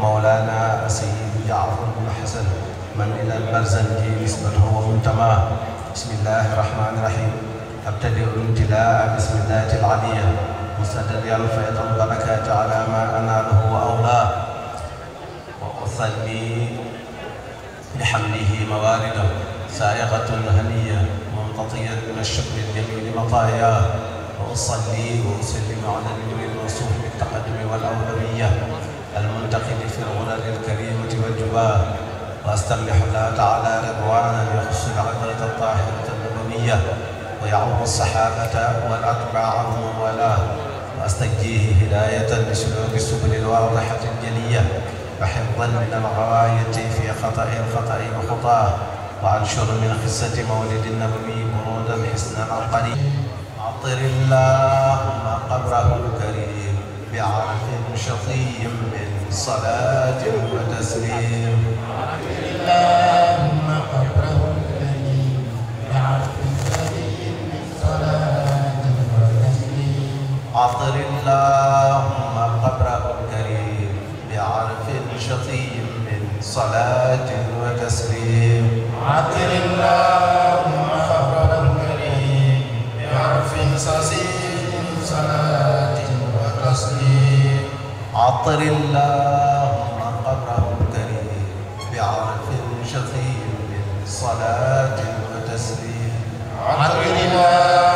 مولانا السيد جعفر بن حسن من إلى البرزنجي نسبته ومنتماه بسم الله الرحمن الرحيم أبتدئ الامتلاء بسم الله العلية مستدريا فيض البركات على ما أناله وأولاه وأصلي بحمده موارده سائغة هنية منقطية من الشكر الجميل مطاياه وأصلي وأسلم على النبي الموصوف بالتقدم والأولوية المنتقل في الغرر الكريمة والجبال وأستملح الله تعالى رضوانا يخص العبادة الطاهرة النبوية ويعوض الصحابة والأتباع ومن والاه وأستجيه هداية لسلوك السبل الواضحة الجلية وحفظا من الغواية في خطأ الخطأ وخطاه وأنشر من قصة مولد النبوي برودا حسنا عقلي عطر اللهم قبره الكريم بعرف شطي من صلاة وتسليم اللهم قبره الكريم بعرف شطي من صلاة وتسليم عطر اللهم قبره الكريم بعرف شطي من صلاة وتسليم عطر اللهم قبره الكريم بعرف صصيب صلاة عطر اللهم قبره الكريم بعرف شفي من صلاة وتسليم عطر الله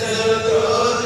شجرة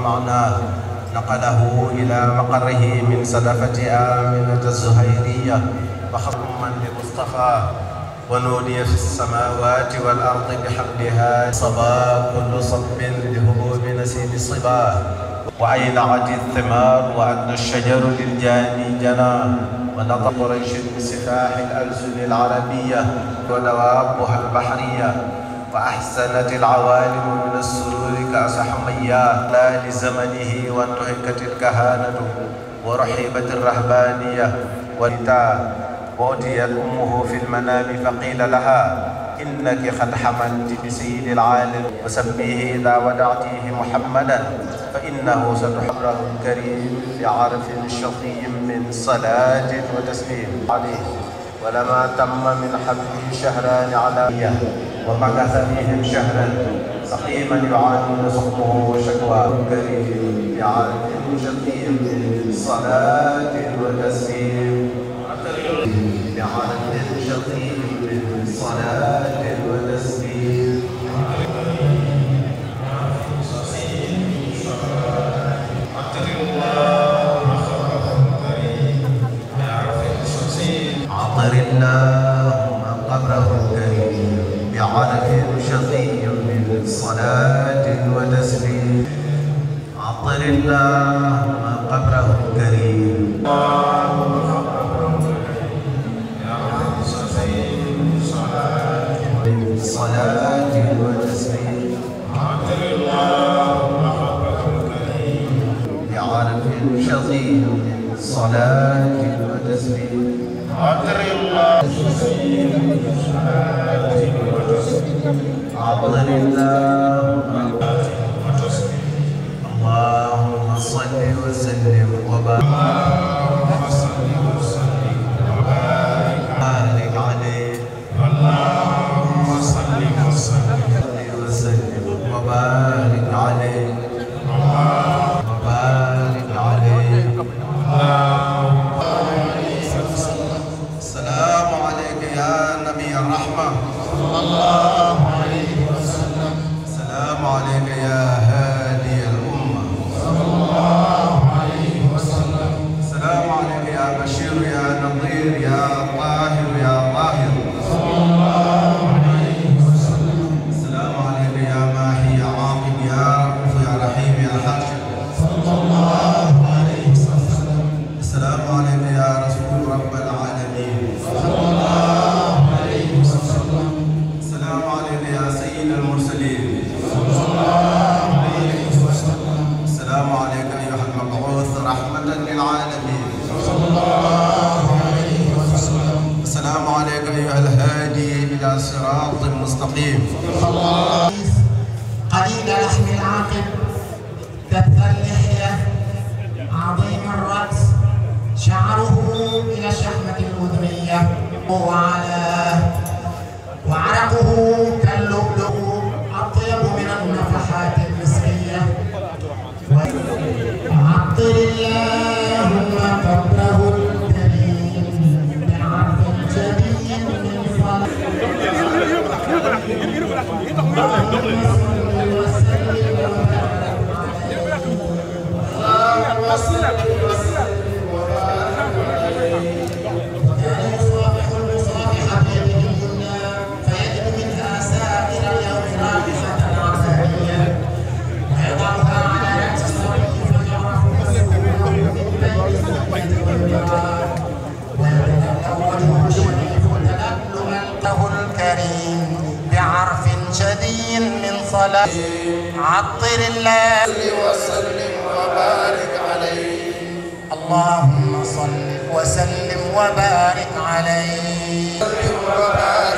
معناه نقله إلى مقره من سلفة آمنة الزهيرية وخصما لمصطفى ونودي في السماوات والأرض بحمدها صبا كل صب لهبوب نسيم الصبا وأيلعت الثمار وأن الشجر للجاني جنى ونطق قريش بسفاح الألسن العربية ودوابها البحرية وأحسنت العوالم من السرور كأصح مياه لا لزمنه وانتهكت الكهانة ورحيبت الرهبانية والتا وأتيت أمه في المنام فقيل لها إنك قد حملت بسيد العالم وسميه إذا ودعتيه محمدا فإنه ستحرر الكريم بعرف شقي من صلاة وتسليم عليه ولما تم من حبه شهران على ومكث فيهم شهرا سقيما يعانون سقطه وشكواه كريم بعهد شقيم صلاة وتسليم بعهد شقيم صلاة Tuubaa عطر الله وسلم وبارك عليه اللهم صل وسلم وبارك عليه وبارك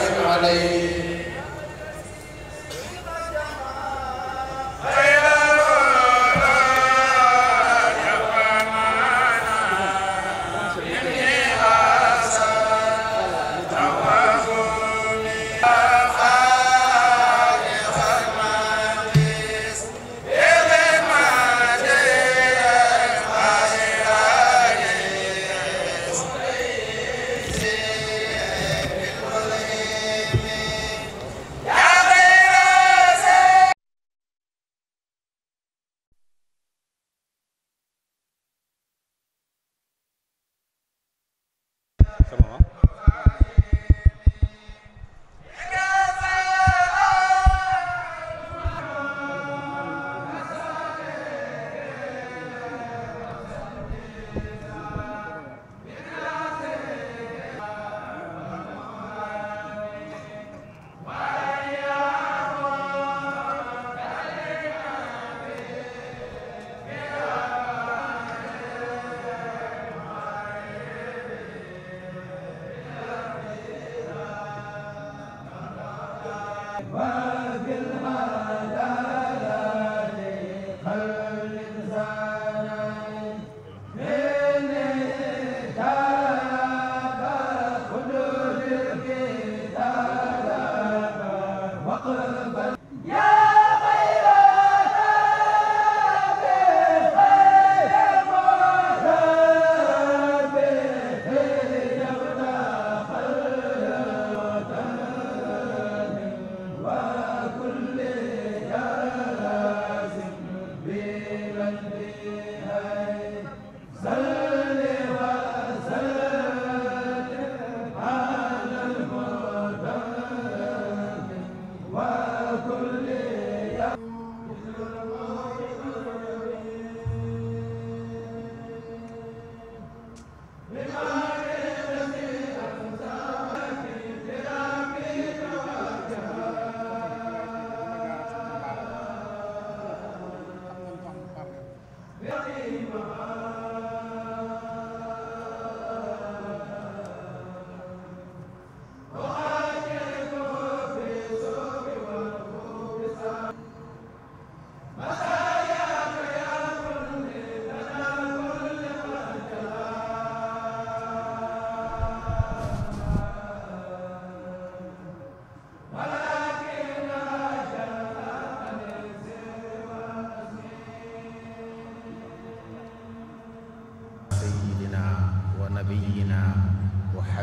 Salve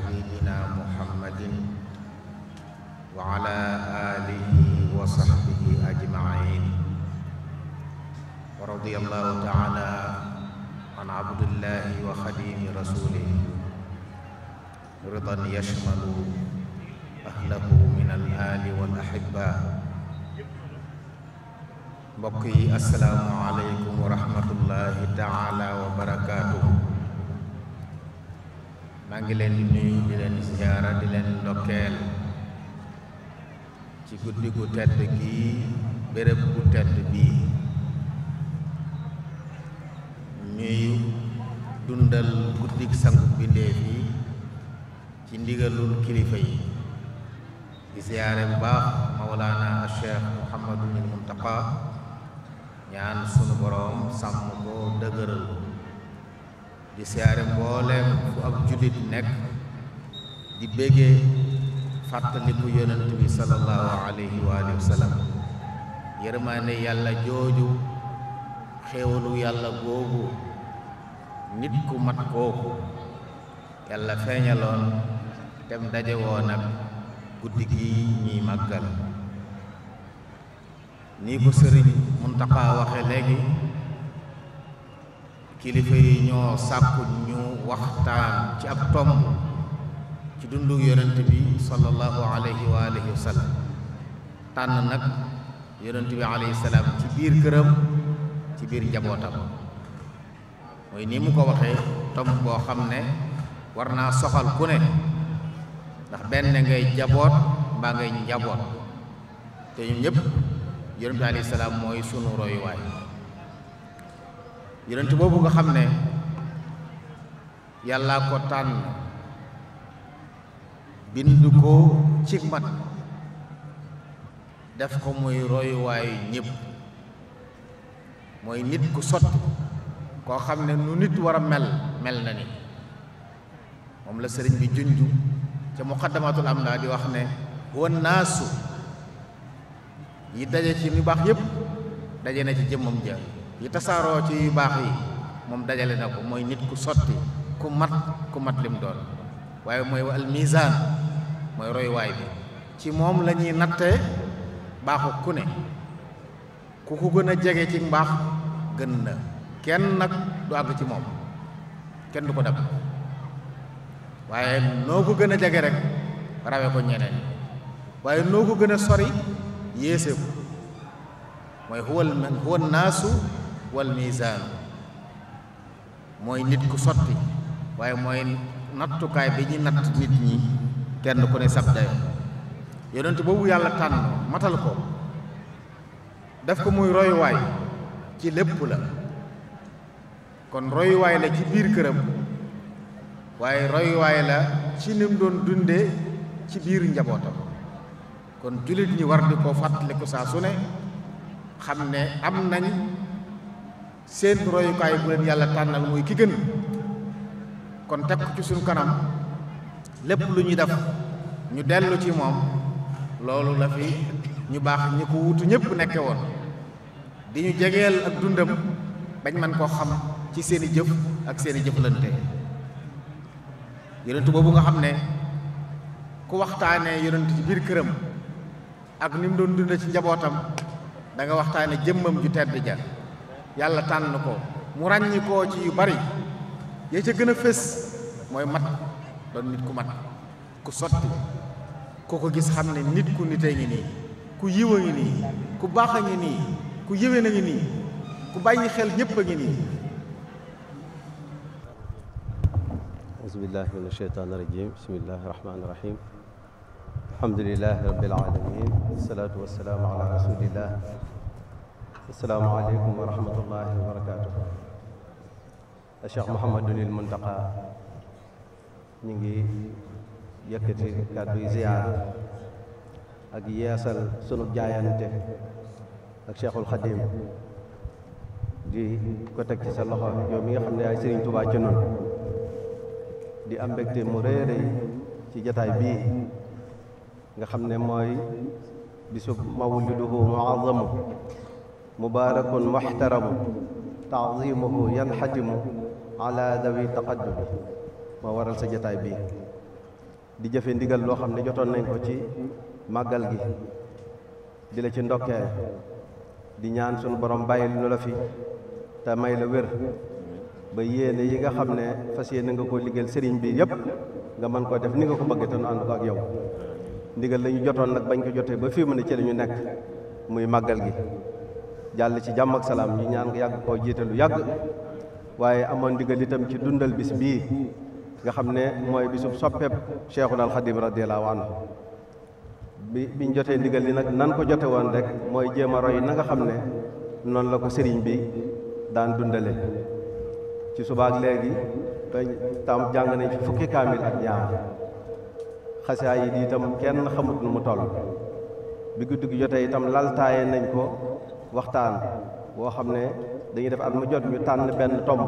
nabiyyina muhammadin wa ala alihi wa sahbihi ajmain wa radiyallahu taala an abdillahi wa xadimi rasulih ridan yashmalu ahlahu min al ali wal ahibba mbokk yi asalaamualeykum wa rahmatullahi taala wa barakaatuhu ngi leen di nuyu di leen ziyaara di leen ndokkeel ci guddi gu tedd gii béréb bu tedd bii ñuy dundal guddik sangu bindéef yi ci ndigalul kilifa yi di ziyaare bu baax mawlaana cheikh muhammadul muntaqa ñaan sunu boroom sàmm ko dëgëral di siyaare mbooleem fu ab jullit nekk di béggee fàttaliku yonent bi sallallahu alayhi wa alihi wa sallam yërmaande yàlla jooju xéewalu yàlla googu nit ku mat kooku yàlla feeñaloon dem daje woon ak guddi gi ñuy màggal nii ko sëriñ Muntaxa waxe léegi kilifa yi ñoo sàkku ñu waxtaan ci ab tomb ci dundu yonent bi sallallahu alayhi wa alihi wa sallam tànn nag yonent bi alayhi salaam ci biir këram ci biir njabootam mooy ni mu ko waxee tom boo xam ne war naa soxal ku ne ndax benn ngay jaboot baa ngay njaboot te ñun ñëpp yonent bi alayhi salaam mooy sunu royuwaay yonent boobu nga xam ne yàllaa ko tànn bind ko ci mat def ko muy royuwaayu ñëpp mooy nit ku sot koo xam ne nu nit war a mel mel na ni moom la sëriñ bi junju ca muqaddamatul am naa di wax ne wa naasu yi daje ci ñu baax yépp daje na ci jëmmam ja yi tasaaroo ci yu baax yi moom dajale na ko mooy nit ku sotti ku mat ku mat lim doon waaye mooy al misaan mooy royuwaay bi ci moom lañuy ñuy natte baaxu ku ne ku ko gën a jege ci mbaax gën na kenn nag du àgg ci moom kenn du ko dab waaye noo ko gën a jege rek rawe ko ñeneen waaye noo ko gën sori yéese ko mooy huwal man naasu wal miisaan mooy nit ku sotti waaye mooy nattukaay bi ñuy natt nit ñi kenn ku ne sab dayo yonent boobu yàlla tànn matal ko def ko muy royuwaay ci lépp la kon royuwaay la ci biir këram waaye royuwaay la ci nim doon dunde ci biir njabootam kon jullit ñi war di ko fàttaliku saa su ne xam ne am nañ seen royukaay bu leen yàlla tànnal mooy ki gën kon teg ci suñu kanam lépp lu ñuy def ñu dellu ci moom loolu la fi ñu baax ñu ko wutu ñëpp nekke woon di ñu jegeel ak dundam bañ man koo xam ci seeni jëf ak seeni jëflante yonentu boobu nga xam ne ku waxtaanee yonent ci biir këram ak ni mu doon dund ci njabootam danga waxtaane jëmmam ju tedd ja yàlla tànn ko mu ràññi ci yu bari yee ca gën a fés mooy mat doon nit ku mat ku sotti ku ko gis xam ne nit ku nitee ngi nii ku yiw a ngi nii ku baax a ngi nii ku yéwén a ngi nii ku bàyyi xel ñépp a ngi nii auzubillahi min asheytaan irajim bismillahi irahmani irahim alhamdulilahi rabil alamin wasalaatu wasalaamu ala rasulillah asalaamaaleykum wa rahmatullahi wa barakaatu. Cheikh Mouhamadunil Muntaqa ñu ngi yëkkati kàddu ziyaar ak yeesal sunu jaayante ak Cheikhul Xadim di ko ci sa loxo mi nga xam ne yaay Serigne di am mbégte mu réere ci jataay bii nga xam ne mooy bisu mawliduhu muazzamu mubaarakun muxtaramu taazimuhu yanxajimu ala dawi taqaddumi moo waral sa jotaay bii di jëfe ndigal loo xam ne jotoon nañ ko ci màggal gi di la ci ndokkeel di ñaan sunu borom bàyyil nu la fi te may la wér ba yéene yi nga xam ne fas yéene nga ko liggéeyal sëriñ bi yépp nga mën koo def ni nga ko bëggee te nu ànd ko ak yow ndigal lañu jotoon nag bañ ko jotee ba fii mu ne ci la ñu nekk muy màggal gi jàll ci jàmm ak salaam ñu ñaan nga yàgg koo jiite lu yàgg waaye amoon ndigal itam ci dundal bis bii nga xam ne mooy bisu soppeeb Cheikhul Xadim radiyallahu anhu bi biñ jotee ndigal li nag nan ko jote woon rek mooy jéem a roy xam ne noonu la ko sëriñ bi daan dundale ci subaak léegi dañ tam jàng nañ fi fukki kaamil ak ñaar xasaa yi di kenn xamut nu mu toll bi guddi gi jotee itam laltaaye nañ ko waxtaan boo xam ne dañuy def at mu jot ñu tànn benn tomb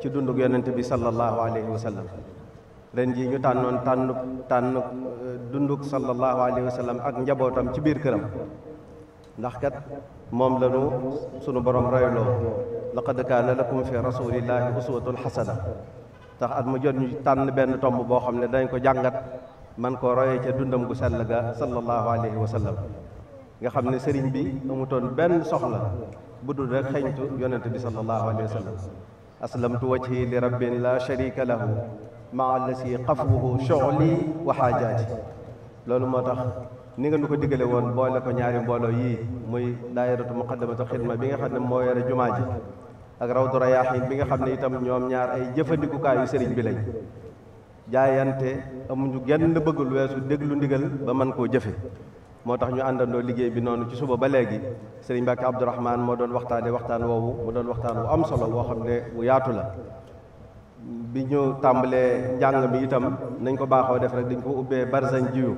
ci dunduk yonent bi sallallahu alayhi wa sallam ren ji ñu tànnoon tànn tànn euh, dunduk sallallahu alayhi wa sallam ak njabootam ci biir këram ndax kat moom la ñu sunu borom royloo laqad kaana lakum fi rasulillahi uswatun xasana tax at mu jot ñu tànn benn tomb boo xam ne dañ ko jàngat man koo royee ca dundam gu sell ga sallallahu alayhi wa sallam nga xam ne sëriñ bi amutoon benn soxla bu dul rek xeñtu yonente bi sallallahu alayhi wa sallam aslamtu wajhi li rabbin la sharika lahu maa allasi xafwuhu shughli wa xaajaati loolu moo tax ni nga nu ko digale woon boole ko ñaari mbooloo yii muy daayiratu muqaddamatul xidma bi nga xam ne moo yore jumaa ji ak raw rawdu rayaaxiin bi nga xam ne itam ñoom ñaar ay jëfandikukaayu sëriñ bi lañ jaayante amuñu genn bëggul weesu déglu ndigal ba mën koo jëfe moo tax ñu àndandoo liggéey bi noonu ci suba ba léegi sëriñ Mbàkke Abdourahman moo doon waxtaane waxtaan woowu mu doon waxtaan wu am solo woo xam ne wu yaatu la bi ñu tàmbalee njàng mi itam nañ ko baaxoo def rek dañ ko ubbee barzan jiyu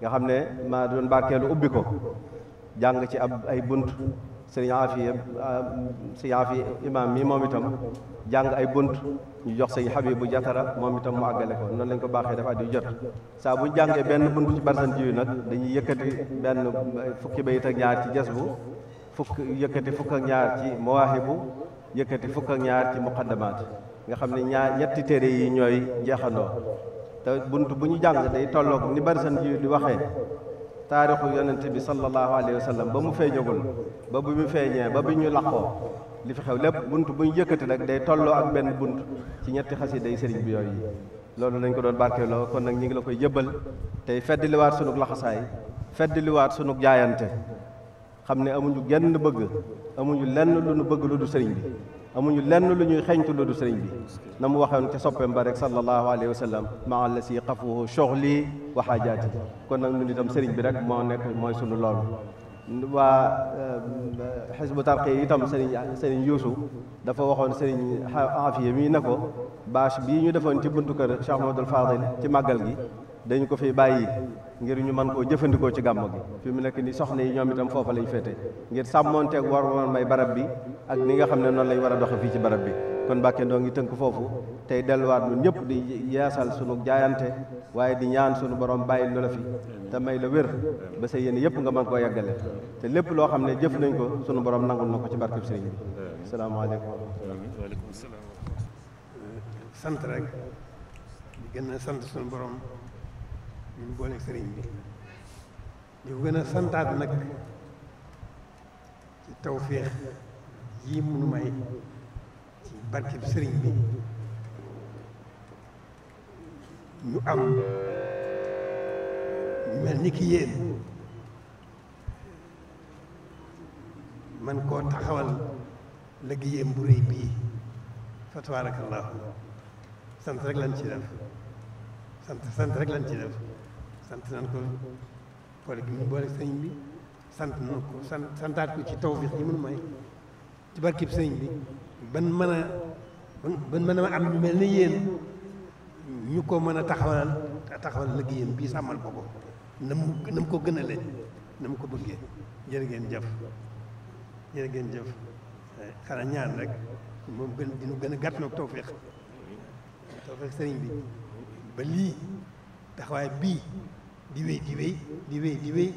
nga xam ne maa doon bàkkeelu ubbi ko jàng ci ab ay bunt sëriñ Afiya ah, sëriñ Afiya imaam mi moom itam jàng ay bunt ñu jox sëñ Habibu Jatara moom itam mu àggale ko noonu lañ ko baaxee dafa di jot saa bu ñu jàngee benn bunt ci barsan jiw nag dañuy yëkkati benn fukki bayit ak ñaar ci jas bu fukk yëkkati fukk ñaar ci mawaahibu yëkkati fukk ak ñaar ci muqaddamaat nga xam ne ñaar ñetti téere yi ñooy jeexandoo te bunt bu ñu jàng day tolloog ni barsan jiw di waxee taarixu yonente bi sallallahu alayhi wa sallam ba mu feeñagul ba bu ñu feeñee ba bi ñu laqoo li fi xew lépp bunt bu ñu yëkkati nag day tolloo ak benn bunt ci ñetti xasida yi sëriñ bi yooyu yi loolu nañ ko doon barkeeloo kon nag ñu ngi la koy jëbbal tey fedd feddliwaat sunug laxasaay feddliwaat sunu jaayante xam ne amuñu genn bëgg amuñu lenn lu ñu bëgg lu du sëriñ bi amuñu lenn lu ñuy xeñtu lu du sëriñ bi na mu waxoon ca soppeem ba rek sallallahu alayhi wa sallam maa la si xafuhu soxli wa xaajaati kon nag ñun itam sëriñ bi rek moo nekk mooy sunu loolu waa xisbu euh, tarqiya itam sëriñ sëriñ yuusu dafa waxoon sëriñ afiya mii ne ko bâche bii ñu defoon ci buntu kër Cheikh Mahmadul Fadil ci màggal gi dañu ko fi bàyyi ngir ñu mën koo jëfandikoo ci gàmmu gi fi mu nekk ni soxna yi ñoom itam foofa lañ féete ngir sàmmoonteeg war woon may barab bi ak ni nga xam ne noonu lañ war a doxe fii ci barab bi kon Mbàkke ndoo ngi tënk foofu tey delluwaat lu ñëpp di yaasal sunu jaayante waaye di ñaan sunu borom bàyyi lu la te may la wér ba sa yéen yëpp nga man koo yeggale te lépp loo xam ne jëf nañ ko sunu borom nangul na ko ci barkeb sëriñ bi salaamaaleykum waaleykum salaam sant rek di gën a sant sunu borom ñu boole sëriñ bi di ko gën a santaat nag ci tawféex yi munu may barkeb sëriñ bi ñu am mel ni ki yéen man koo taxawal liggéeyam bu réy bii fa tabaarakallaahu sant rek lan ci def sant sant rek lan ci def sant nan ko boole gi mu boole sëriñ bi sant nan ko sant santaat ko ci tawfiix yi mun may ci barkeb sëriñ bi ban mën a ban mën a am ñu mel ni yéen ñu ko mën a taxawal taxawal liggéeyam bii sàmmal ko ko na mu na mu ko gën a leen na mu ko bëggee jërë ngeen jëf jërë ngeen jëf eh, xanaa ñaan rek moom gën dinu gën a gàtt nag tawféex tawféex sëriñ bi ba lii taxawaay bii di wéy di wéy di wéy di wéy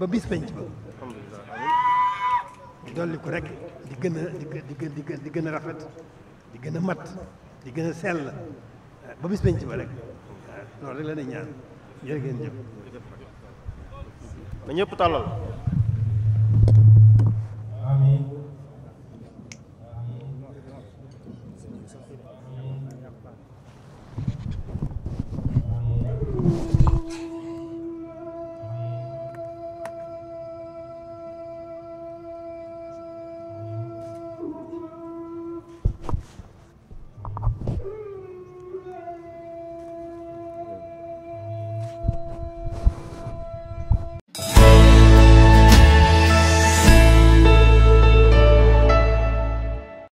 ba bis penc ba dolli ko rek di gën a di gën di gën di gën a rafet di gën a mat di gën a sell eh, ba bis penc ba rek eh, loolu rek la ñuy ñaan jërë ngeen jëf. na ñëpp tàllal.